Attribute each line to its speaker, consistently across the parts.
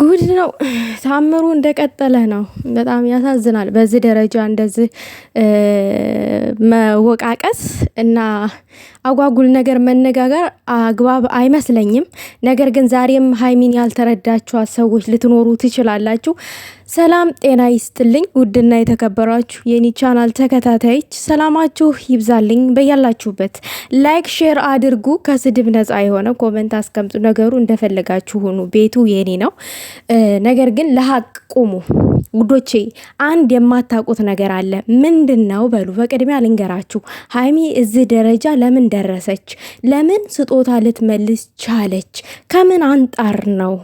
Speaker 1: ጉድ ነው። ታምሩ እንደቀጠለ ነው። በጣም ያሳዝናል። በዚህ ደረጃ እንደዚህ መወቃቀስ እና አጓጉል ነገር መነጋገር አግባብ አይመስለኝም። ነገር ግን ዛሬም ሀይሚን ያልተረዳችኋት ሰዎች ልትኖሩ ትችላላችሁ። ሰላም ጤና ይስጥልኝ። ውድና የተከበራችሁ የኒ ቻናል ተከታታዮች ሰላማችሁ ይብዛልኝ በያላችሁበት። ላይክ ሼር አድርጉ። ከስድብ ነፃ የሆነ ኮመንት አስቀምጡ። ነገሩ እንደፈለጋችሁ ሁኑ፣ ቤቱ የኔ ነው። ነገር ግን ለሀቅ ቁሙ ውዶቼ። አንድ የማታውቁት ነገር አለ። ምንድን ነው በሉ። በቅድሚያ ልንገራችሁ፣ ሀይሚ እዚህ ደረጃ ለምን ደረሰች? ለምን ስጦታ ልትመልስ ቻለች? ከምን አንጣር ነው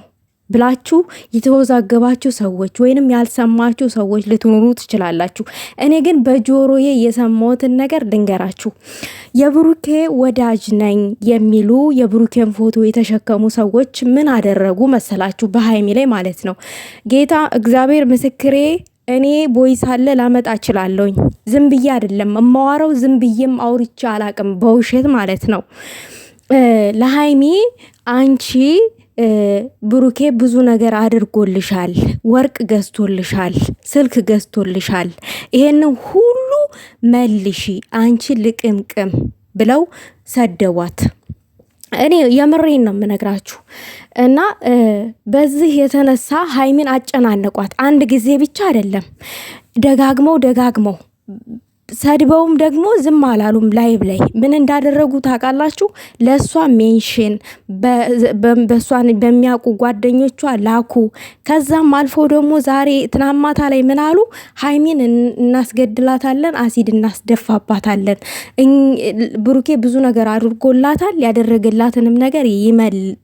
Speaker 1: ብላችሁ የተወዛገባችሁ ሰዎች ወይንም ያልሰማችሁ ሰዎች ልትኖሩ ትችላላችሁ። እኔ ግን በጆሮዬ የሰማሁትን ነገር ድንገራችሁ። የብሩኬ ወዳጅ ነኝ የሚሉ የብሩኬን ፎቶ የተሸከሙ ሰዎች ምን አደረጉ መሰላችሁ? በሀይሚ ላይ ማለት ነው። ጌታ እግዚአብሔር ምስክሬ እኔ ቦይ ሳለ ላመጣ እችላለሁኝ። ዝም ብዬ አይደለም እማዋረው፣ ዝም ብዬም አውርቼ አላቅም፣ በውሸት ማለት ነው ለሀይሚ አንቺ ብሩኬ ብዙ ነገር አድርጎልሻል፣ ወርቅ ገዝቶልሻል፣ ስልክ ገዝቶልሻል፣ ይሄንን ሁሉ መልሺ አንቺ ልቅምቅም ብለው ሰደቧት። እኔ የምሬን ነው የምነግራችሁ። እና በዚህ የተነሳ ሀይሚን አጨናነቋት። አንድ ጊዜ ብቻ አይደለም፣ ደጋግመው ደጋግመው ሰድበውም ደግሞ ዝም አላሉም። ላይብ ላይ ምን እንዳደረጉ ታውቃላችሁ? ለእሷ ሜንሽን በእሷ በሚያውቁ ጓደኞቿ ላኩ። ከዛም አልፎ ደግሞ ዛሬ ትናንት ማታ ላይ ምን አሉ? ሀይሚን እናስገድላታለን፣ አሲድ እናስደፋባታለን። ብሩኬ ብዙ ነገር አድርጎላታል። ያደረገላትንም ነገር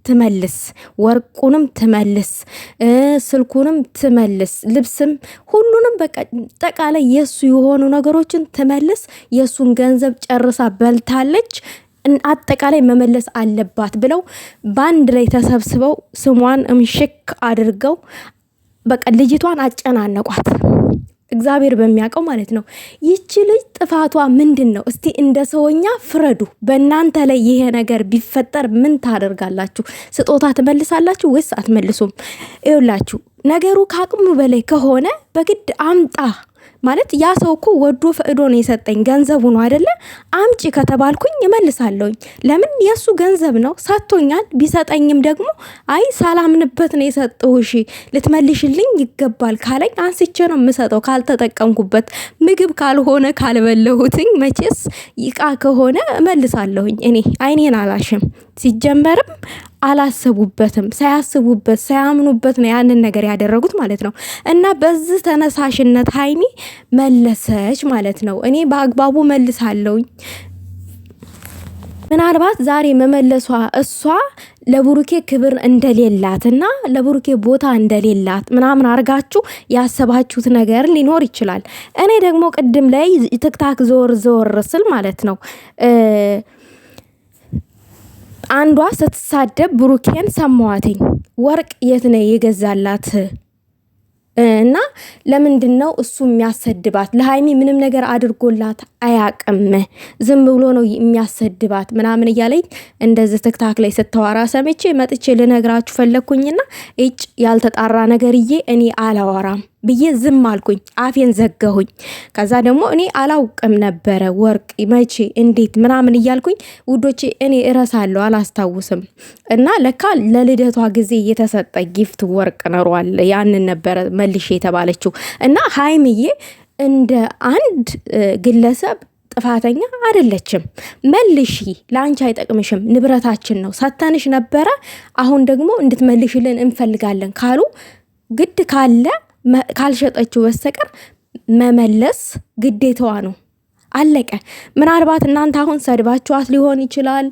Speaker 1: ትመልስ፣ ወርቁንም ትመልስ፣ ስልኩንም ትመልስ፣ ልብስም ሁሉንም በቃ ጠቃላይ የእሱ የሆኑ ነገሮችን ስትመልስ የእሱን ገንዘብ ጨርሳ በልታለች፣ አጠቃላይ መመለስ አለባት ብለው በአንድ ላይ ተሰብስበው ስሟን እምሽክ አድርገው በቃ ልጅቷን አጨናነቋት። እግዚአብሔር በሚያውቀው ማለት ነው። ይቺ ልጅ ጥፋቷ ምንድን ነው? እስቲ እንደ ሰውኛ ፍረዱ። በእናንተ ላይ ይሄ ነገር ቢፈጠር ምን ታደርጋላችሁ? ስጦታ ትመልሳላችሁ ወይስ አትመልሱም? ይውላችሁ ነገሩ ከአቅሙ በላይ ከሆነ በግድ አምጣ ማለት ያ ሰው እኮ ወዶ ፈቅዶ ነው የሰጠኝ፣ ገንዘቡ ነው አይደለ? አምጪ ከተባልኩኝ እመልሳለሁኝ። ለምን የእሱ ገንዘብ ነው፣ ሰጥቶኛል። ቢሰጠኝም ደግሞ አይ ሳላምንበት ነው የሰጠሁሽ፣ ልትመልሽልኝ ይገባል ካለኝ አንስቼ ነው የምሰጠው፣ ካልተጠቀምኩበት። ምግብ ካልሆነ ካልበለሁትኝ፣ መቼስ ይቃ ከሆነ እመልሳለሁኝ። እኔ አይኔን አላሽም ሲጀመርም አላሰቡበትም። ሳያስቡበት ሳያምኑበት ነው ያንን ነገር ያደረጉት ማለት ነው። እና በዚህ ተነሳሽነት ሀይሚ መለሰች ማለት ነው። እኔ በአግባቡ መልሳለሁኝ። ምናልባት ዛሬ መመለሷ እሷ ለቡሩኬ ክብር እንደሌላት እና ለቡሩኬ ቦታ እንደሌላት ምናምን አርጋችሁ ያሰባችሁት ነገር ሊኖር ይችላል። እኔ ደግሞ ቅድም ላይ ትክታክ ዞር ዞር ስል ማለት ነው አንዷ ስትሳደብ ብሩኬን ሰማዋትኝ። ወርቅ የት ነው የገዛላት? እና ለምንድን ነው እሱ የሚያሰድባት? ለሀይሚ ምንም ነገር አድርጎላት አያቅም። ዝም ብሎ ነው የሚያሰድባት ምናምን እያለኝ እንደዚህ ትክታክ ላይ ስታወራ ሰምቼ መጥቼ ልነግራችሁ ፈለግኩኝና እጭ ያልተጣራ ነገርዬ እኔ አላወራም። ብዬ ዝም አልኩኝ፣ አፌን ዘገሁኝ ከዛ ደግሞ እኔ አላውቅም ነበረ ወርቅ መቼ እንዴት ምናምን እያልኩኝ ውዶቼ፣ እኔ እረሳለሁ አላስታውስም። እና ለካ ለልደቷ ጊዜ የተሰጠ ጊፍት ወርቅ ኖሯል። ያንን ነበረ መልሼ የተባለችው እና ሀይምዬ እንደ አንድ ግለሰብ ጥፋተኛ አይደለችም። መልሺ፣ ለአንቺ አይጠቅምሽም፣ ንብረታችን ነው፣ ሰተንሽ ነበረ፣ አሁን ደግሞ እንድትመልሽልን እንፈልጋለን ካሉ ግድ ካለ ካልሸጠችው በስተቀር መመለስ ግዴታዋ ነው። አለቀ። ምናልባት እናንተ አሁን ሰድባችኋት ሊሆን ይችላል።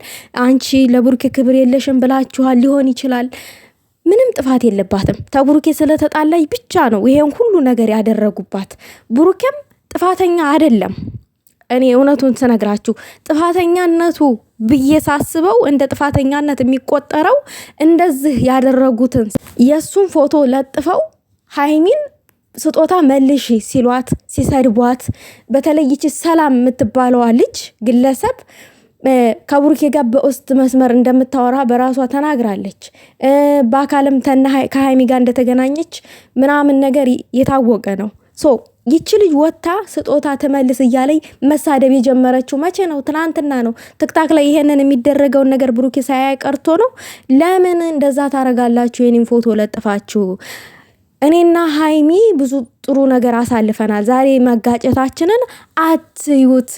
Speaker 1: አንቺ ለቡርኬ ክብር የለሽም ብላችኋል ሊሆን ይችላል። ምንም ጥፋት የለባትም። ተቡርኬ ስለተጣላች ብቻ ነው ይሄን ሁሉ ነገር ያደረጉባት። ቡሩኬም ጥፋተኛ አይደለም። እኔ እውነቱን ስነግራችሁ ጥፋተኛነቱ ብዬ ሳስበው እንደ ጥፋተኛነት የሚቆጠረው እንደዚህ ያደረጉትን የእሱን ፎቶ ለጥፈው ሀይሚን ስጦታ መልሺ ሲሏት ሲሰድቧት፣ በተለይ ይቺ ሰላም የምትባለዋ ልጅ ግለሰብ ከቡርኬ ጋር በውስጥ መስመር እንደምታወራ በራሷ ተናግራለች። በአካልም ከሀይሚ ጋር እንደተገናኘች ምናምን ነገር የታወቀ ነው። ሶ ይቺ ልጅ ወታ ስጦታ ትመልስ እያለኝ መሳደብ የጀመረችው መቼ ነው? ትናንትና ነው። ትክታክ ላይ ይሄንን የሚደረገውን ነገር ብሩኬ ሳያይ ቀርቶ ነው። ለምን እንደዛ ታረጋላችሁ? የኔን ፎቶ ለጥፋችሁ እኔና ሀይሚ ብዙ ጥሩ ነገር አሳልፈናል። ዛሬ መጋጨታችንን አትዩት።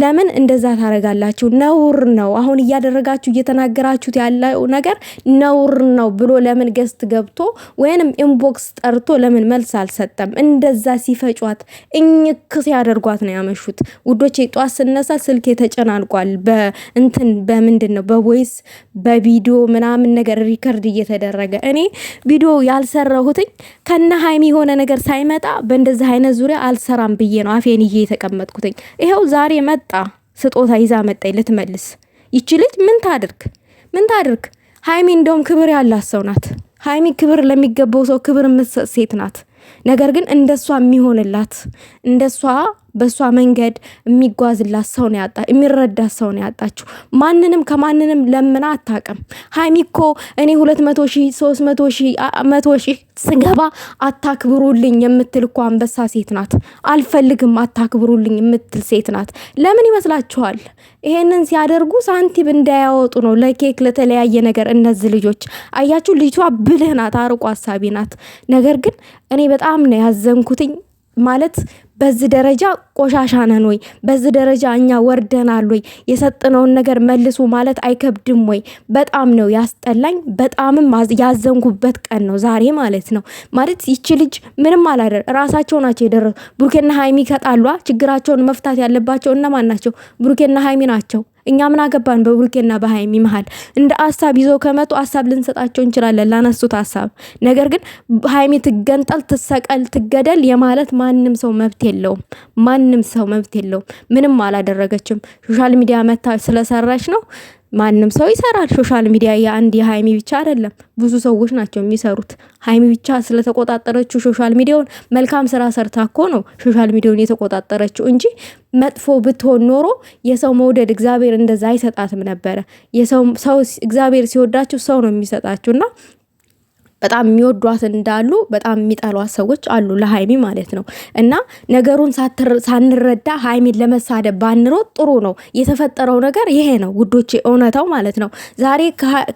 Speaker 1: ለምን እንደዛ ታደርጋላችሁ? ነውር ነው። አሁን እያደረጋችሁ እየተናገራችሁት ያለው ነገር ነውር ነው ብሎ ለምን ገስት ገብቶ ወይንም ኢንቦክስ ጠርቶ ለምን መልስ አልሰጠም? እንደዛ ሲፈጯት እኝክ ሲያደርጓት ነው ያመሹት። ውዶቼ ጧት ስነሳ ስልክ የተጨናንቋል። በእንትን በምንድን ነው በቮይስ በቪዲዮ ምናምን ነገር ሪከርድ እየተደረገ እኔ ቪዲዮ ያልሰራሁትኝ ከነ ሀይሚ የሆነ ነገር ሳይ ሲመጣ በእንደዚህ አይነት ዙሪያ አልሰራም ብዬ ነው አፌን ይዤ የተቀመጥኩትኝ። ይኸው ዛሬ መጣ፣ ስጦታ ይዛ መጣኝ ልትመልስ። ይቺ ልጅ ምን ታድርግ ምን ታድርግ? ሀይሚ እንደውም ክብር ያላት ሰው ናት። ሀይሚ ክብር ለሚገባው ሰው ክብር የምትሰጥ ሴት ናት። ነገር ግን እንደሷ የሚሆንላት እንደሷ በእሷ መንገድ የሚጓዝላት ሰው ነው ያጣ የሚረዳት ሰው ነው ያጣችው። ማንንም ከማንንም ለምና አታቅም። ሀይሚ እኮ እኔ ሁለት መቶ ሺ ሶስት መቶ ሺ መቶ ሺ ስገባ አታክብሩልኝ የምትል እኮ አንበሳ ሴት ናት። አልፈልግም አታክብሩልኝ የምትል ሴት ናት። ለምን ይመስላችኋል? ይሄንን ሲያደርጉ ሳንቲም እንዳያወጡ ነው፣ ለኬክ ለተለያየ ነገር። እነዚህ ልጆች አያችሁ፣ ልጅቷ ብልህ ናት፣ አርቆ አሳቢ ናት። ነገር ግን እኔ በጣም ነው ያዘንኩትኝ። ማለት በዚህ ደረጃ ቆሻሻ ነን ወይ? በዚህ ደረጃ እኛ ወርደናል ወይ? የሰጥነውን ነገር መልሱ ማለት አይከብድም ወይ? በጣም ነው ያስጠላኝ። በጣምም ያዘንኩበት ቀን ነው ዛሬ ማለት ነው። ማለት ይቺ ልጅ ምንም አላደር ራሳቸው ናቸው የደረሱ ብሩኬና ሀይሚ ከጣሏ ችግራቸውን መፍታት ያለባቸው እነማን ናቸው? ብሩኬና ሀይሚ ናቸው። እኛ ምን አገባን በብሩኬና በሀይሚ መሀል። እንደ ሀሳብ ይዘው ከመጡ ሀሳብ ልንሰጣቸው እንችላለን ላነሱት ሀሳብ። ነገር ግን ሀይሚ ትገንጠል፣ ትሰቀል፣ ትገደል የማለት ማንም ሰው መብት የለውም። ማንም ሰው መብት የለውም። ምንም አላደረገችም። ሶሻል ሚዲያ መታ ስለሰራች ነው ማንም ሰው ይሰራል። ሶሻል ሚዲያ የአንድ የሀይሚ ብቻ አይደለም፣ ብዙ ሰዎች ናቸው የሚሰሩት። ሀይሚ ብቻ ስለተቆጣጠረችው ሶሻል ሚዲያውን መልካም ስራ ሰርታ እኮ ነው ሶሻል ሚዲያውን የተቆጣጠረችው እንጂ መጥፎ ብትሆን ኖሮ የሰው መውደድ እግዚአብሔር እንደዛ አይሰጣትም ነበረ። ሰው እግዚአብሔር ሲወዳችሁ ሰው ነው የሚሰጣችሁ እና በጣም የሚወዷት እንዳሉ በጣም የሚጠሏት ሰዎች አሉ፣ ለሀይሚ ማለት ነው። እና ነገሩን ሳንረዳ ሀይሚን ለመሳደብ ባንሮጥ ጥሩ ነው። የተፈጠረው ነገር ይሄ ነው ውዶች፣ እውነታው ማለት ነው። ዛሬ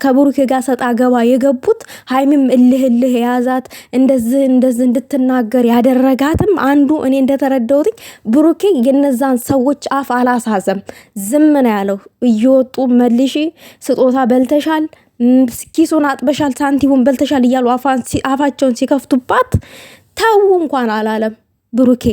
Speaker 1: ከብሩኬ ጋር ሰጣ ገባ የገቡት ሀይሚም እልህ እልህ የያዛት እንደዚህ እንደዚህ እንድትናገር ያደረጋትም አንዱ እኔ እንደተረዳሁት ብሩኬ የነዛን ሰዎች አፍ አላሳዘም፣ ዝም ነው ያለው። እየወጡ መልሺ ስጦታ በልተሻል ኪሶን አጥበሻል፣ ሳንቲሙን በልተሻል እያሉ አፋቸውን ሲከፍቱባት ተው እንኳን አላለም ብሩኬ።